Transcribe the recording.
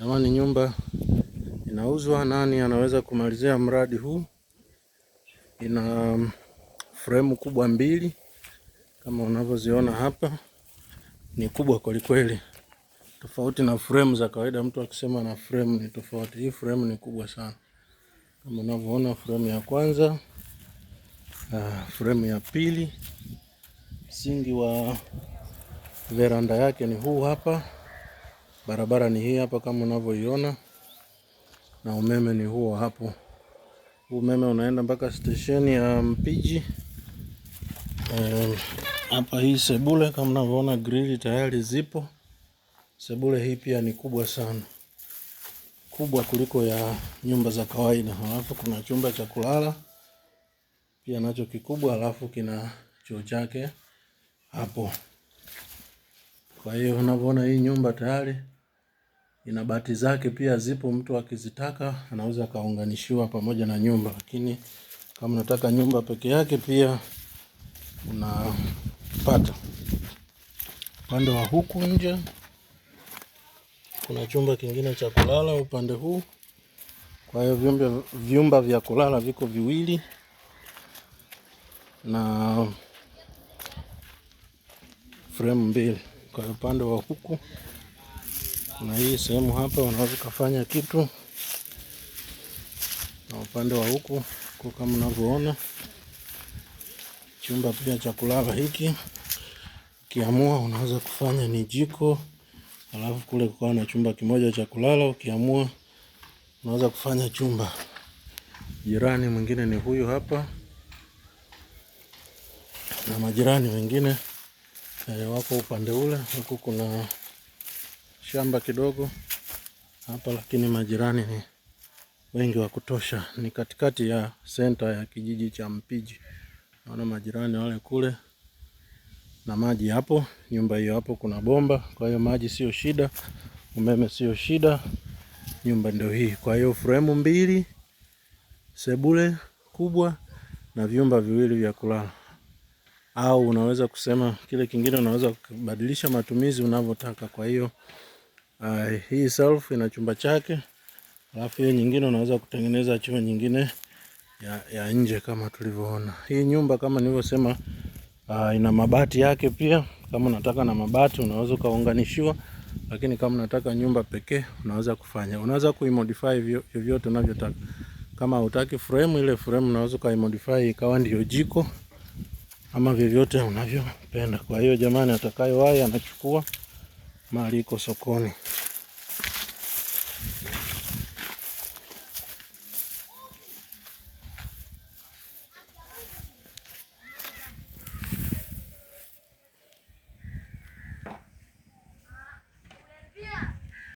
Jamani, nyumba inauzwa, nani anaweza kumalizia mradi huu? Ina um, fremu kubwa mbili kama unavyoziona hapa, ni kubwa kwelikweli, tofauti na fremu za kawaida. Mtu akisema na fremu ni tofauti, hii fremu ni kubwa sana, kama unavyoona fremu ya kwanza, fremu ya pili. Msingi wa veranda yake ni huu hapa. Barabara ni hii hapa kama unavyoiona, na umeme ni huo hapo. Huu umeme unaenda mpaka stesheni ya Mpiji hapa. E, hii sebule kama unavyoona grili tayari zipo. Sebule hii pia ni kubwa sana, kubwa kuliko ya nyumba za kawaida. Alafu kuna chumba cha kulala pia nacho kikubwa, alafu kina choo chake hapo. Kwa hiyo unavyoona hii nyumba tayari ina bati zake pia zipo, mtu akizitaka anaweza akaunganishiwa pamoja na nyumba, lakini kama unataka nyumba peke yake pia unapata. Upande wa huku nje kuna chumba kingine cha kulala upande huu. Kwa hiyo vyumba, vyumba vya kulala viko viwili na fremu mbili. Kwa upande wa huku kuna hii sehemu hapa unaweza kufanya kitu, na upande wa huku kwa kama unavyoona, chumba pia cha kulala hiki, ukiamua unaweza kufanya ni jiko, alafu kule kukawa na chumba kimoja cha kulala, ukiamua unaweza kufanya chumba. Jirani mwingine ni huyu hapa, na majirani wengine eh, wako upande ule. Huku kuna shamba kidogo hapa, lakini majirani ni wengi wa kutosha. Ni katikati ya senta ya kijiji cha Mpiji, naona majirani wale kule na maji hapo. Nyumba hiyo hapo kuna bomba, kwa hiyo maji sio shida, umeme sio shida. Nyumba ndio hii. Kwa hiyo fremu mbili, sebule kubwa na vyumba viwili vya kulala, au unaweza kusema kile kingine, unaweza kubadilisha matumizi unavyotaka. Kwa hiyo Uh, hii self ina chumba chake, alafu hiyo nyingine unaweza kutengeneza chumba nyingine ya, ya nje kama tulivyoona. Hii nyumba kama nilivyosema, uh, ina mabati yake pia. Kama unataka na mabati unaweza ukaunganishiwa, lakini kama unataka nyumba pekee unaweza kufanya, unaweza kuimodify vyovyote unavyotaka. Kama hutaki frame, ile frame unaweza ukaimodify ikawa ndio jiko ama vyovyote unavyopenda. Kwa hiyo jamani, atakayewahi anachukua mali iko sokoni.